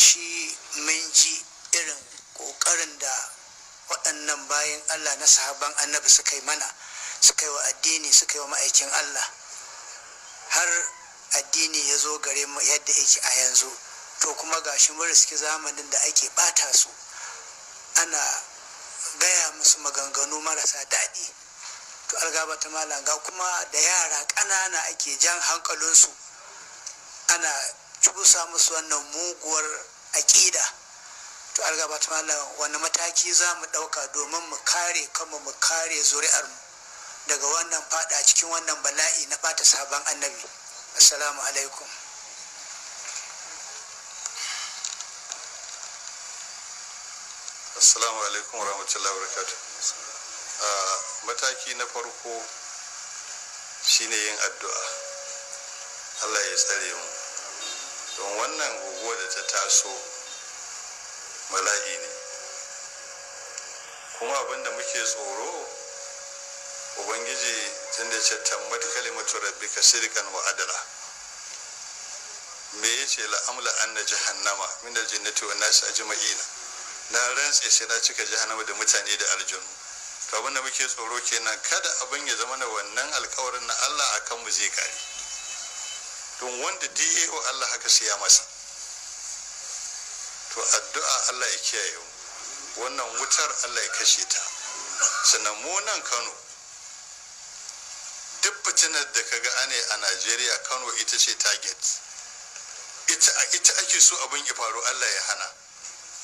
Shi mun ji irin ƙoƙarin da waɗannan bayan Allah na sahaban annabi suka yi mana suka yi wa addini suka yi wa ma'aikin Allah har addini ya zo gare mu yadda yake a yanzu to kuma gashi mu riski zamanin da ake ɓata su ana gaya musu maganganu marasa daɗi to algaba ta malanga kuma da yara ƙanana ake jan hankalinsu ana cusa musu wannan muguwar aƙida to an gaba wani mataki za mu ɗauka domin mu kare kanmu mu kare zuri'armu daga wannan fada cikin wannan bala'i na ɓata sabon annabi assalamu alaikum assalamu alaikum wa wabarakatuh ah, mataki na farko shine yin addu'a allah ya tsare mu wannan guguwa da ta taso mala'i ne kuma abinda muke tsoro ubangiji tun da ce tambat kalimatu ka sirkan wa adala me ce la'amla anna jahannama min wa nasu a jima'i na rantse sai na cika jahannama da mutane da aljanu to abinda muke tsoro kenan kada abin ya zama na wannan alkawarin na Allah a kanmu zai kare don wanda da wa Allah haka sai ya masa to addu'a Allah ya kiyaye mu wannan wutar Allah ya kashe ta sannan mu nan Kano duk fitinar da ka ga ane a Najeriya Kano ita ce target ita ita ake so abin ya faru Allah ya hana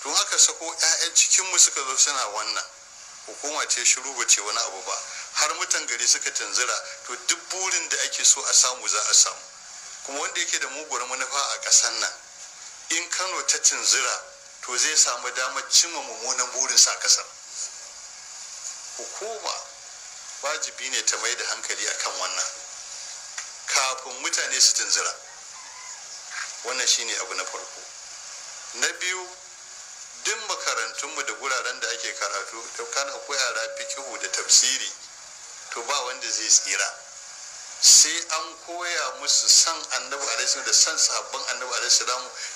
don haka sako 'ya'yan mu suka zo suna wannan hukuma ce shiru ba ce wani abu ba har mutan gari suka tanzira to duk burin da ake so a samu za a samu kuma wanda yake da mugun manufa a ƙasar nan in kano ta cinzira to zai samu damar cimma mummunan burin sa ƙasar hukuma wajibi ne ta mai da hankali akan wannan kafin mutane su cinzira. wannan shine abu na farko na biyu duk makarantunmu da guraren da ake karatu da kan akwai yara fikihu da tafsiri to ba wanda zai tsira sai an koya musu san annabi alaihi da san sahabban annabi alaihi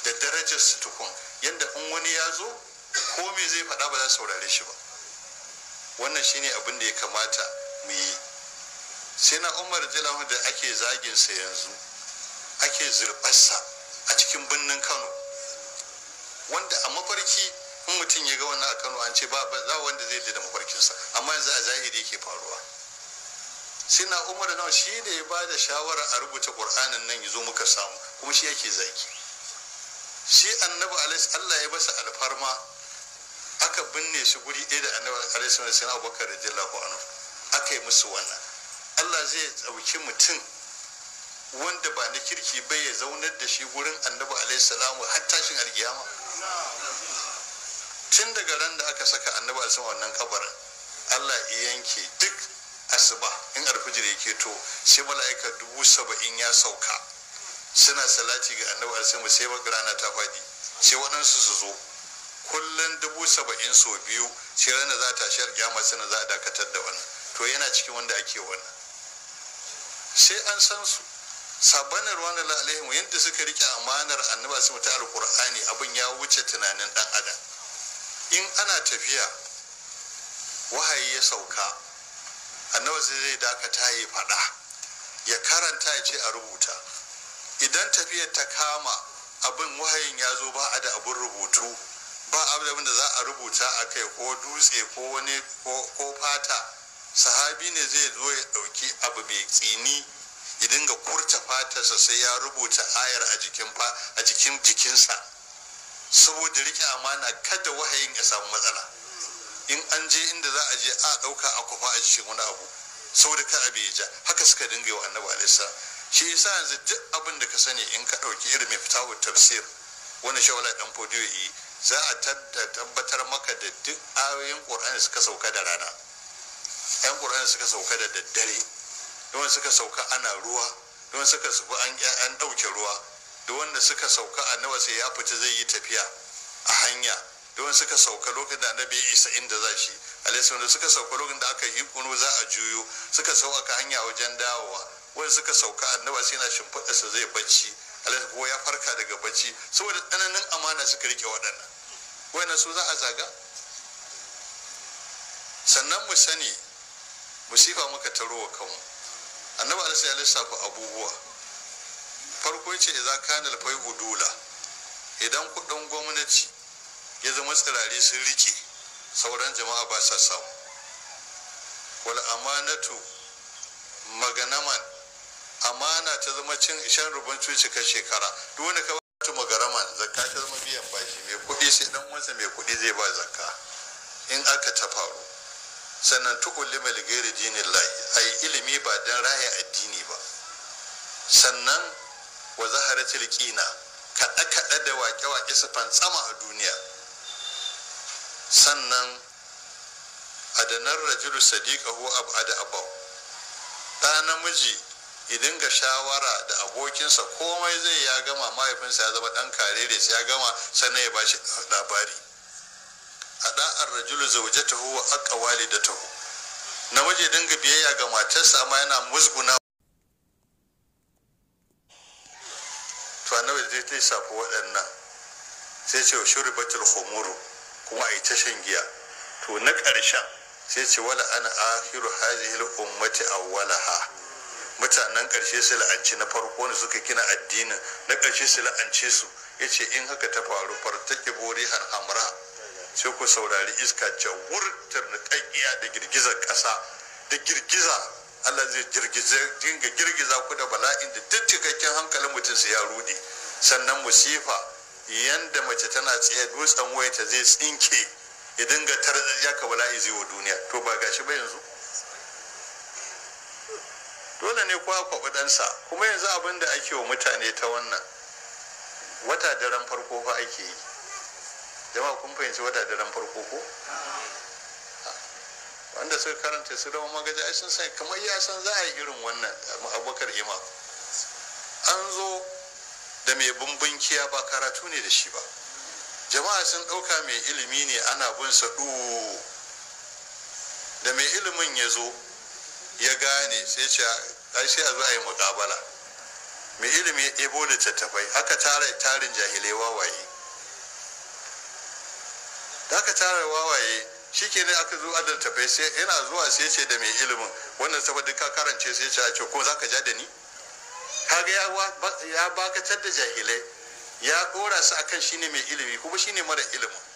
da darajar su tukun yadda in wani ya zo ko me zai faɗa ba za su saurare shi ba wannan shine abin da ya kamata mu yi sai na umar jalahu da ake zagin sa yanzu ake zurfarsa a cikin birnin kano wanda a mafarki in mutum ya ga wannan a kano an ce ba za wanda zai da mafarkinsa amma yanzu a zahiri yake faruwa sina na umar nawa shi ne ya bada shawara a rubuta qur'anin nan yazo muka samu kuma shi yake zaki shi annabi alaihi Allah ya basa alfarma aka binne shi guri ɗaya da annabi alaihi sallallahu alaihi wasallam Abubakar radiyallahu anhu aka yi musu wannan Allah zai dauki mutum wanda ba na kirki bai ya zaunar da shi gurin annabi alaihi salamu har tashin alkiyama tun daga ran da aka saka annabi alaihi wannan kabarin Allah ya yanke duk asuba in alfijir ya to sai mala'ika dubu saba'in ya sauka suna salati ga annabi alaihi sai rana ta faɗi sai waɗansu su zo kullum dubu saba'in sau biyu sai rana za ta shar kyama suna za a dakatar da wannan to yana cikin wanda ake wannan sai an san su sabanin ruwanar la'alaihim yadda suka rike amanar annabi alaihi ta alkur'ani abin ya wuce tunanin dan adam in ana tafiya wahayi ya sauka annabi sai zai dakata ya faɗa ya karanta ya ce a rubuta idan tafiyar ta kama abin wahayin ya zo ba a da abin rubutu ba abin da za a rubuta a kai ko dutse ko wani ko fata sahabi ne zai zo ya ɗauki abu mai tsini ya dinga kurta fatarsa sai ya rubuta ayar a jikin jikinsa saboda rike amana kada wahayin ya samu matsala in an je inda za a je a ɗauka a kufa a cikin wani abu da kar abin ya ja haka suka dinga yi wa annabi alaihi shi yasa yanzu duk abin da ka sani in ka ɗauki irin mai fitawar tafsir wani shawala dan fodiyo yi za a tabbatar maka da duk ayoyin qur'ani suka sauka da rana yan qur'ani suka sauka da daddare don suka sauka ana ruwa don suka sauka an an dauke ruwa da wanda suka sauka a nawa sai ya fita zai yi tafiya a hanya don suka sauka lokacin da annabi ya isa inda za shi alaihi suka sauka lokacin da aka yi kunu za a juyo suka sauka hanya wajen dawowa wanda suka sauka annaba sai na shimfiɗa sa zai bacci alaihi ko ya farka daga bacci saboda tsananin amana suka rike waɗannan Wani su za a zaga sannan mu sani musifa muka taro wa kanmu annabi alaihi ya lissafa abubuwa farko ce za kana alfai hudula idan kuɗin gwamnati ya zama tsirare sun rike sauran jama'a ba sa samu wal amanatu maganaman amana ta zama cin shan rubuncin cikar shekara duk wani ka bata magaraman zakka ta zama biyan bashi mai kuɗi sai dan wansa mai kuɗi zai ba zakka in aka ta faru sannan tukun lima ligari dinin lahi a yi ilimi ba don raya addini ba sannan wa zaharatul kina kaɗe-kaɗe da wake-wake su fantsama a duniya sannan adanar rajulu sadiqahu abada abau da namiji idan ga shawara da abokinsa komai zai ya gama mahaifinsa ya zama dan karere da ya gama sannan ya bashi labari a ɗa'ar rajulu zaujatahu wa da walidatahu namiji dinga biyayya ga matarsa amma yana musguna to annabi zai ta safi waɗannan sai ce shuribatul khumuru kuma a yi ta shan giya to na ƙarshen sai ce wala ana akhiru hadhihi ummati awwalaha mutanen ƙarshe su la'anci na farko ne suka gina addinin na ƙarshe su la'ance su yace in haka ta faru fartake bori an amra sai ku saurari iska na tarnaƙaƙiya da girgizar ƙasa da girgiza Allah zai dinga girgiza ku da bala'in da duk cikakken hankalin mutum su ya rude sannan musifa yanda mace tana tsaye dutsen ta zai tsinke ya dinga tarziya ka bala izi wa duniya to ba gashi ba yanzu dole ne kuwa kwaɓi ɗansa kuma yanzu abin da ake wa mutane ta wannan wata daren farko fa ake yi jama'a kun fahimci wata daren farko ko wanda suka karanta su dama magaji ai sun san kamar ya san za a yi irin wannan abubakar imam an zo da mai bumbunkiya ba karatu ne da shi ba jama'a sun ɗauka mai ilimi ne ana bin sa da mai ilimin ya zo ya gane sai ce sai a zo a yi muƙabala mai ilimi ya ɗebo tattafai aka tara tarin jahilai wawaye da aka tara wawaye shi ke ne aka zo adalta sai yana zuwa sai ce da mai ilimin wannan saboda ka karance sai ce a ce ko za ka ja da ni kaga ya bakatar da jahilai ya kora su akan shine mai ilimi kuma shine mara ilimin